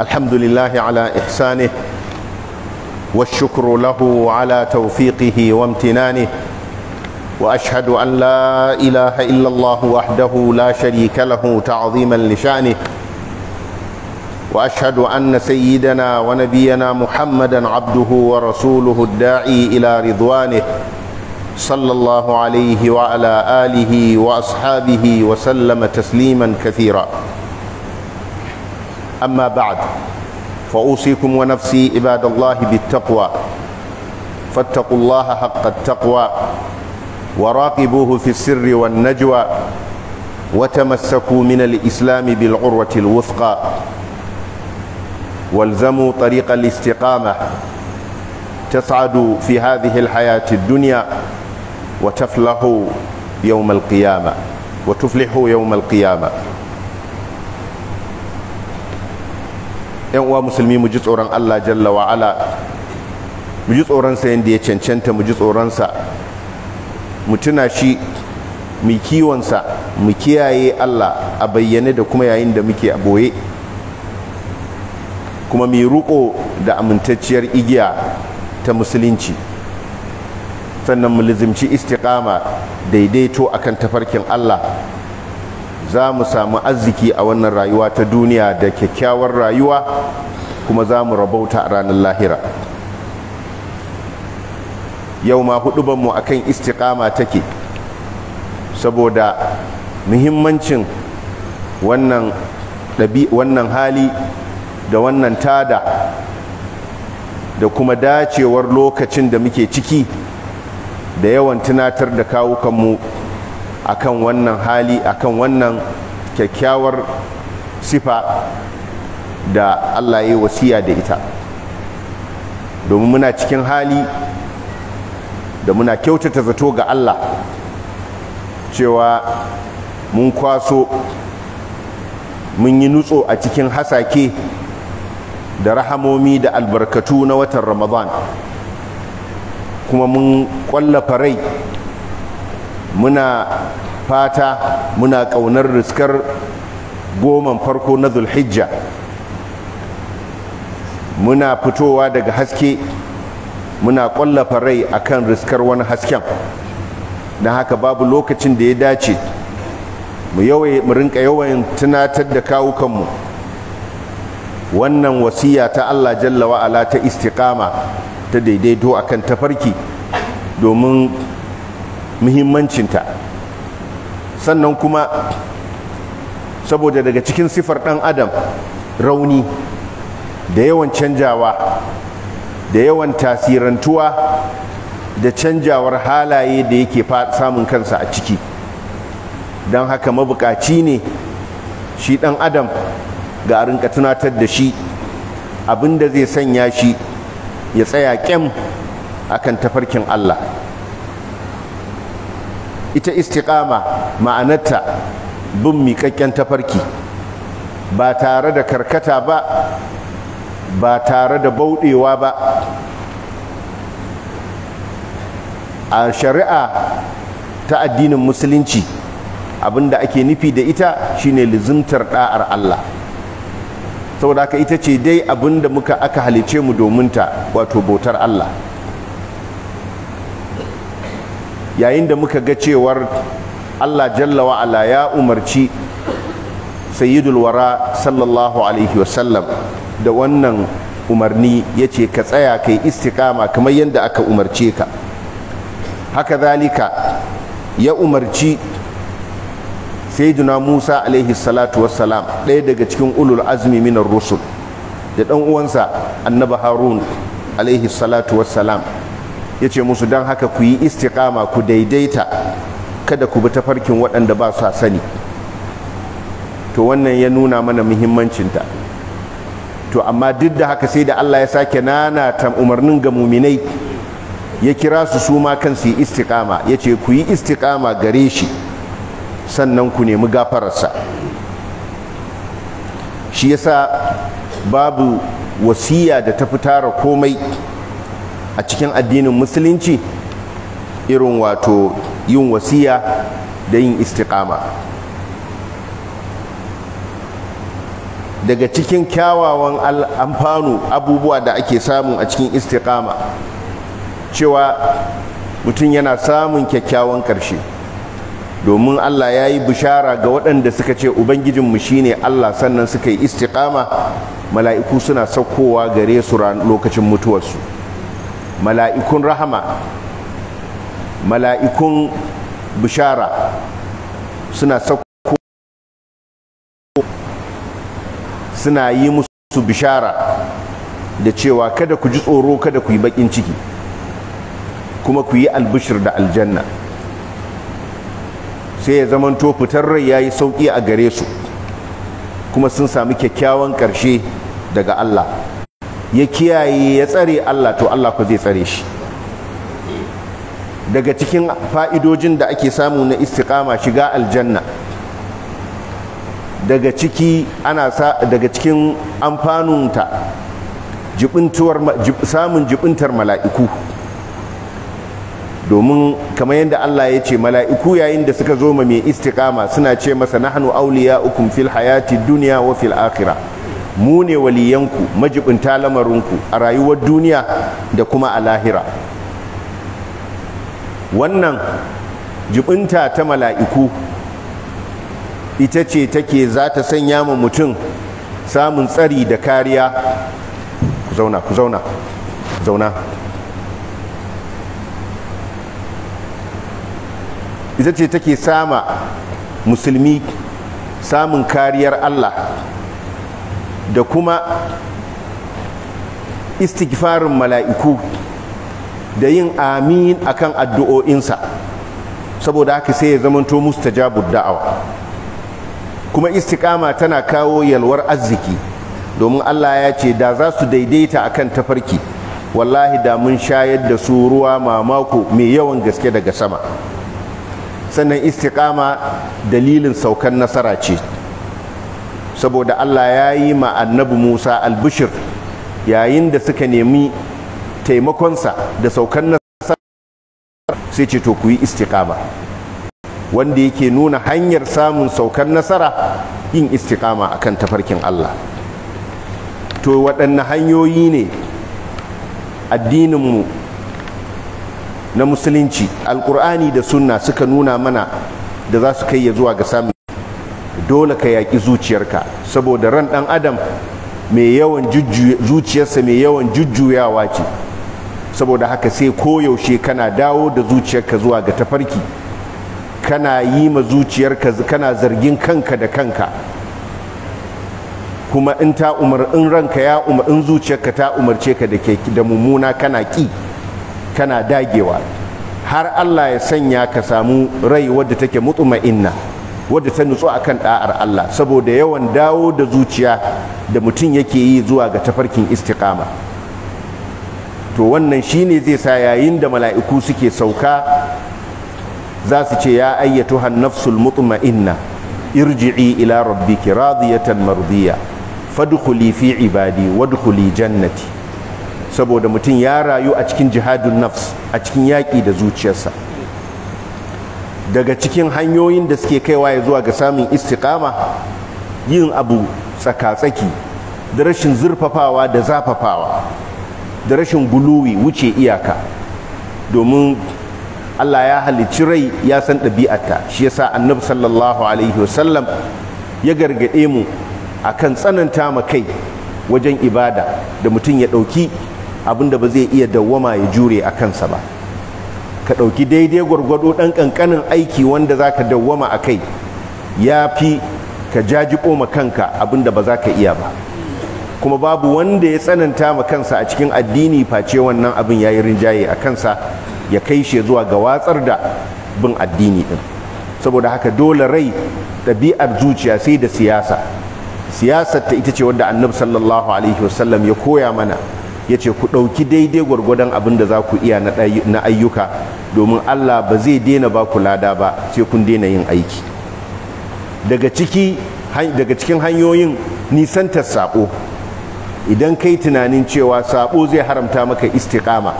الحمد لله على إحسانه والشكر له على توفيقه وامتنانه وأشهد أن لا إله إلا الله وحده لا شريك له تعظيما لشأنه وأشهد أن سيدنا ونبينا محمدا عبده ورسوله الداعي إلى رضوانه صلى الله عليه وعلى آله وأصحابه وسلم تسليما كثيرا أما بعد فأوصيكم ونفسي عباد الله بالتقوى فاتقوا الله حق التقوى وراقبوه في السر والنجوى وتمسكوا من الإسلام بالعروة الوثقى والزموا طريق الاستقامة تسعدوا في هذه الحياة الدنيا وتفلحوا يوم القيامة وتفلحوا يوم القيامة yan uwa musulmi mu ji tsoron Allah jalla wa ala mu ji tsoron sa yanda ya cancanta mu ji tsoron sa mu tuna shi mu kiwon mu kiyaye Allah a bayyane da kuma yayin da muke a boye kuma mu ruko da amintacciyar igiya ta musulunci sannan mu lizimci istiqama daidaito akan tafarkin Allah za mu samu arziki a wannan rayuwa ta duniya da kyakkyawar rayuwa kuma za mu rabauta a ranar lahira yau ma hudubanmu a kan istiƙama take saboda muhimmancin wannan wannan hali da wannan tada da kuma dacewar lokacin da muke ciki da yawan tunatar da kawukanmu akan wannan hali akan wannan kyakkyawar sifa da Allah ya wasiya da ita domin muna cikin hali da muna kyautata zato ga Allah cewa mun kwaso mun yi nutso a cikin hasake da rahamomi da albarkatu na watan ramadan kuma mun kwallafa rai muna fata muna ƙaunar riskar goman farko na zulhijja muna fitowa daga haske muna ƙwallafa rai akan riskar wani hasken don haka babu lokacin da ya dace mu rinka yawan tunatar da kawukanmu wannan wasiya ta allah jalla wa'ala ta istiƙama ta daidaito akan tafarki domin muhimmancinta sannan kuma saboda daga cikin sifar ɗan adam rauni da yawan canjawa da yawan tasirantuwa da canjawar halaye da yake samun kansa a ciki don haka mabukaci ne shi ɗan adam ga a rinka tunatar da shi abinda zai sanya shi ya tsaya ƙyam akan tafarkin Allah ita istiqama ma'anarta bin miƙaƙƙen tafarki ba tare da karkata ba ba tare da bauɗewa ba a shari'a ta addinin musulunci abinda ake nufi da ita shine lizimtar ɗa'ar Allah saboda haka ita ce dai abinda muka aka halice mu domin ta wato bautar Allah yayin da muka ga cewar Allah jalla wa'ala ya umarci sayyidul wara sallallahu alaihi wasallam da wannan umarni ya ce ka tsaya kai istikama kamar yadda aka umarce ka haka zalika ya umarci sayyiduna musa alaihi salatu wassalam ɗaya daga cikin ulul azmi minar rusul da ɗan uwansa annabi harun alaihi salatu wassalam ya ce musu don haka ku yi istiƙama ku daidaita kada ku bi tafarkin waɗanda ba su sani to wannan ya nuna mana muhimmancinta to amma duk da haka sai da Allah ya sake nana ta umarnin ga muminai ya kira su su ma kansu yi istiƙama ya ce ku yi istiƙama gare shi sannan ku nemi gafararsa shi yasa babu wasiya da ta fi tara komai a cikin addinin musulunci irin wato yin wasiya da yin istiqama daga cikin kyawawan amfanu abubuwa da ake samu a cikin istiqama cewa mutum yana samun kyakkyawan ƙarshe domin Allah ya yi bishara ga waɗanda suka ce Ubangijinmu shine Allah sannan suka yi istiqama mala'iku suna saukowa gare su lokacin mutuwarsu mala'ikun rahama mala'ikun bishara suna sauko suna yi musu bishara da cewa kada ku ji tsoro kada ku yi bakin ciki kuma ku yi albishir da aljanna sai ya zamanto fitar rai ya yi sauƙi a gare su kuma sun sami kyakkyawan ƙarshe daga Allah ya kiyaye ya tsare Allah to Allah ku zai tsare shi daga cikin fa'idojin da ake samu na istiqama shiga aljanna daga ciki ana sa daga cikin amfanunta jibintuwar samun jibintar mala'iku domin kamar yadda Allah ya ce mala'iku yayin da suka zo ma mai istiqama suna ce masa nahnu awliya'ukum fil hayati dunya wa fil akhirah mu ne waliyanku majibinta lamarinku a rayuwar duniya da kuma a lahira wannan jibinta ta mala'iku ita ce take za ta sanya ma mutum samun tsari da kariya ku zauna ku zauna zauna ita ce take sama musulmi samun kariyar Allah da kuma istighfarin mala'iku da yin amin akan addu'o'insa saboda haka sai ya zamanto mustajabu da'awa kuma istiqama tana kawo yalwar arziki domin Allah ya ce da za su daidaita akan tafarki wallahi da mun shayar da su ruwa mamako mai yawan gaske daga sama sannan istikama dalilin saukan nasara ce saboda Allah ya yi ma annabi Musa albishir yayin da suka nemi taimakonsa da saukan nasara, sai ce to ku yi istiqama wanda yake nuna hanyar samun saukan nasara yin istiqama akan tafarkin Allah to waɗanne hanyoyi ne addininmu na musulunci Alƙur'ani da sunna suka nuna mana da za su kai ya zuwa ga samun dole ka yaƙi zuciyarka saboda ran ɗan adam mai yawan zuciyarsa mai yawan jujjuyawa ce saboda haka sai koyaushe kana dawo da zuciyarka zuwa ga tafarki kana yi ma zuciyarka kana zargin kanka da kanka kuma in ta umar in ranka ya umar in zuciyarka ta umarce ka da mummuna kana ki kana dagewa har Allah ya sanya ka samu rai wadda take mutuma'inna inna wadda ta nutsu kan ɗa'ar Allah saboda yawan dawo da zuciya da mutum yake yi zuwa ga tafarkin istikama. to wannan shine zai sa yayin da mala'iku suke sauka za su ce ya han nafsul mutma'inna irji'i ila rabbiki radiyatan mardiya fadkhuli fi ibadi wadkhuli jannati saboda mutum ya rayu a cikin jihadun nafs a cikin yaƙi da zuciyarsa daga cikin hanyoyin da suke kaiwa ya zuwa ga samun istiqama yin abu tsaka-tsaki da rashin zurfafawa da zafafawa da rashin guluwi wuce iyaka domin Allah ya halicci rai ya san ɗabi'arta shi yasa annabi sallallahu alaihi wasallam ya gargaɗe mu a akan tsananta ma kai wajen ibada da mutum ya ɗauki abin da ba zai iya dawwama ya jure a kansa ba ka ɗauki daidai gwargwado ɗan ƙanƙanin aiki wanda za ka dawwama a kai ya fi ka jaji ma kanka abin da ba za ka iya ba kuma babu wanda ya tsananta ma kansa a cikin addini face wannan abin ya yi rinjaye a kansa ya kai shi zuwa ga watsar da bin addini ɗin saboda haka dole rai ɗabi'ar zuciya sai da siyasa siyasar ta ita ce wadda annabi sallallahu alaihi wasallam ya koya mana ya ce ku ɗauki daidai gwargwadon abin da za ku iya na ayyuka domin allah ba zai daina ba ku lada ba sai kun daina yin aiki daga cikin hanyoyin nisantar saɓo idan kai tunanin cewa saɓo zai haramta maka istiƙama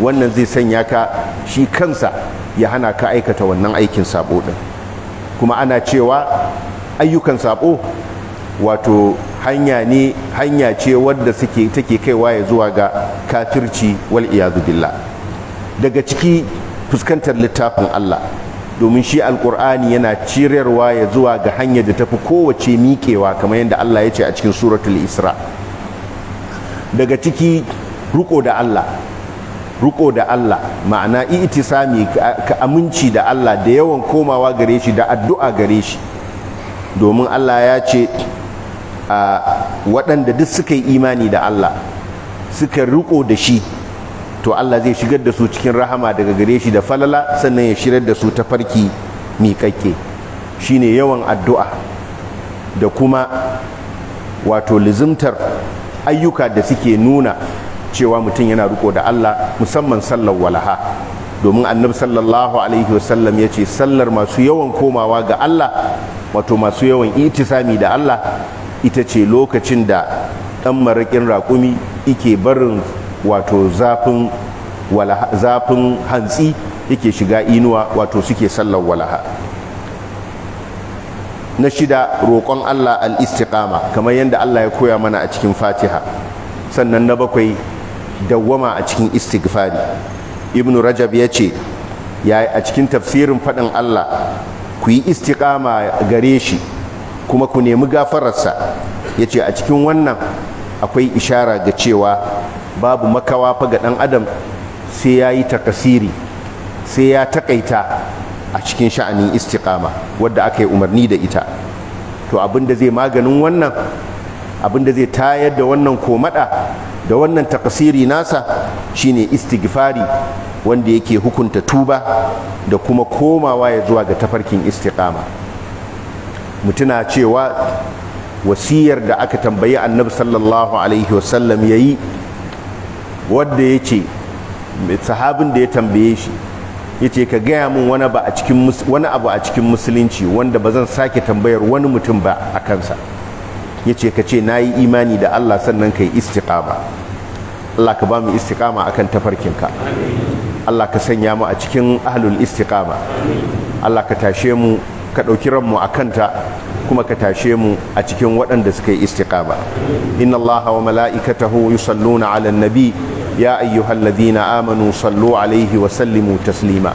wannan zai sanya ka shi kansa ya hana ka aikata wannan aikin saɓo ɗin kuma ana cewa ayyukan saɓo wato hanya ne hanya ce wadda suke take kaiwa ya zuwa ga kafirci wal iyadu billah daga ciki fuskantar littafin Allah domin shi alƙur'ani yana cirewa ya zuwa ga hanya da tafi kowace miƙewa kamar yadda Allah ya ce a cikin suratul isra daga ciki ruko da Allah ruko da Allah ma'ana itisami ka aminci da Allah da yawan komawa gare shi da addu'a gare shi domin Allah ya ce A waɗanda duk suka yi imani da Allah suka riko da shi to Allah zai shigar da su cikin rahama daga gare shi da falala sannan ya shirar da su ta farki miƙaƙƙe shine yawan addu'a da kuma wato lizimtar ayyuka da suke nuna cewa mutum yana riko da Allah musamman sallar walaha domin annabi sallallahu alaihi wasallam ya ce sallar masu yawan komawa ga Allah wato masu yawan itisami da Allah ita ce lokacin da ɗan maraƙin raƙumi ike barin wato zafin zafin hantsi yake shiga inuwa wato suke sallar walaha na shida roƙon Allah al-istiqama kamar yadda Allah ya koya mana a cikin Fatiha sannan na bakwai dawwama a cikin istighfari Ibn Rajab ya ce ya a cikin tafsirin faɗin Allah ku yi istiqama gare shi kuma ku nemi gafararsa ya ce a cikin wannan akwai ishara ga cewa babu makawa fa ga ɗan adam sai ya yi takasiri sai ya takaita a cikin sha'anin istiqama wadda aka yi umarni da ita to abinda zai maganin wannan abinda zai tayar da wannan komada da wannan takasiri nasa shine istighfari wanda yake hukunta tuba da kuma komawa ya zuwa ga tafarkin istiqama mutuna cewa wasiyar da aka tambayi annabi sallallahu alaihi wasallam ya yi wadda ya ce sahabin da ya tambaye shi ya ce ka gaya mun wani abu a cikin musulunci wanda ba zan sake tambayar wani mutum ba a kansa ya ce ka ce na yi imani da allah sannan ka yi allah ka ba mu akan tafarkinka allah ka sanya mu a cikin ahlul istiƙama allah ka tashe mu ka ɗauki ranmu a kanta kuma ka tashe mu a cikin waɗanda suka yi istiqama inna allaha wa mala'ikatahu yusalluna 'alan nabi ya ayyuhalladhina amanu sallu 'alaihi wa sallimu taslima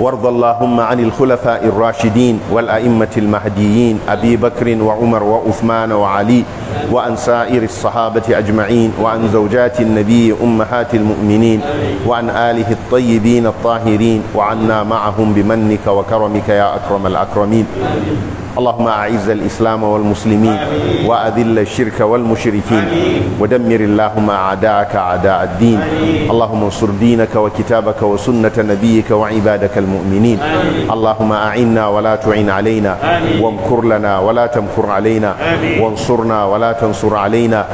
وارض اللهم عن الخلفاء الراشدين والأئمة المهديين أبي بكر وعمر وعثمان وعلي وأن سائر الصحابة أجمعين وأن زوجات النبي أمهات المؤمنين وأن آله الطيبين الطاهرين وعنا معهم بمنك وكرمك يا أكرم الأكرمين اللهم أعز الإسلام والمسلمين وأذل الشرك والمشركين ودمر اللهم أعداءك أعداء الدين اللهم انصر دينك وكتابك وسنة نبيك وعبادك المؤمنين اللهم أعنا ولا تعن علينا وامكر لنا ولا تمكر علينا وانصرنا ولا تنصر علينا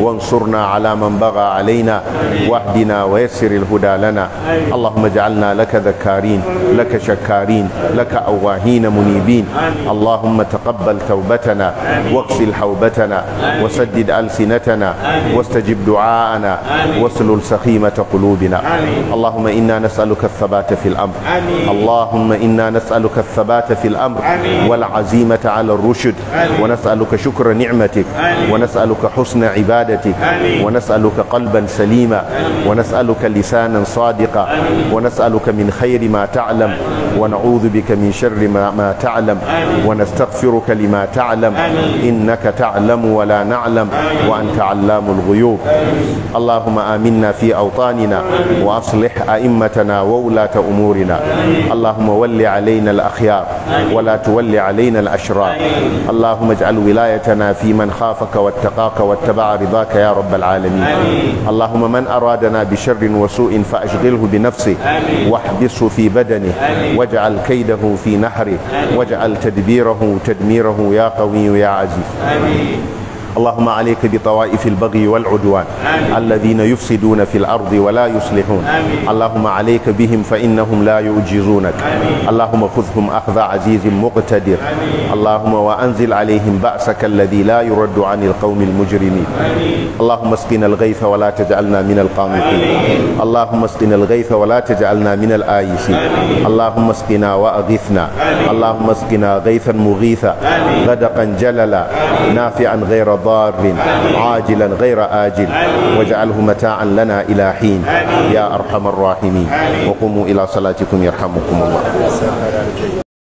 وانصرنا على من بغى علينا واهدنا ويسر الهدى لنا اللهم اجعلنا لك ذكارين لك شكارين لك أواهين منيبين اللهم اللهم تقبل توبتنا واغسل حوبتنا وسدد ألسنتنا واستجب دعاءنا واسلل سخيمة قلوبنا اللهم إنا نسألك الثبات في الأمر اللهم إنا نسألك الثبات في الأمر والعزيمة على الرشد ونسألك شكر نعمتك ونسألك حسن عبادتك ونسألك قلبا سليما ونسألك لسانا صادقا ونسألك من خير ما تعلم ونعوذ بك من شر ما, ما تعلم ونستغفرك لما تعلم إنك تعلم ولا نعلم وأنت علام الغيوب اللهم آمنا في أوطاننا وأصلح أئمتنا وولاة أمورنا اللهم ول علينا الأخيار ولا تول علينا الأشرار اللهم اجعل ولايتنا في من خافك واتقاك واتبع رضاك يا رب العالمين اللهم من أرادنا بشر وسوء فأشغله بنفسه واحبسه في بدنه واجعل كيده في نحره واجعل تدبيره تدميره يا قوي يا عزيز آمين اللهم عليك بطوائف البغي والعدوان آمين. الذين يفسدون في الأرض ولا يصلحون آمين. اللهم عليك بهم فإنهم لا يعجزونك اللهم خذهم أخذ عزيز مقتدر آمين. اللهم وأنزل عليهم بأسك الذي لا يرد عن القوم المجرمين آمين. اللهم اسقنا الغيث ولا تجعلنا من القانطين اللهم اسقنا الغيث ولا تجعلنا من الآيسين اللهم اسقنا وأغثنا اللهم اسقنا غيثا مغيثا غدقا جللا نافعا غير ضار ضار عاجلا غير آجل واجعله متاعا لنا إلى حين يا أرحم الراحمين وقوموا إلى صلاتكم يرحمكم الله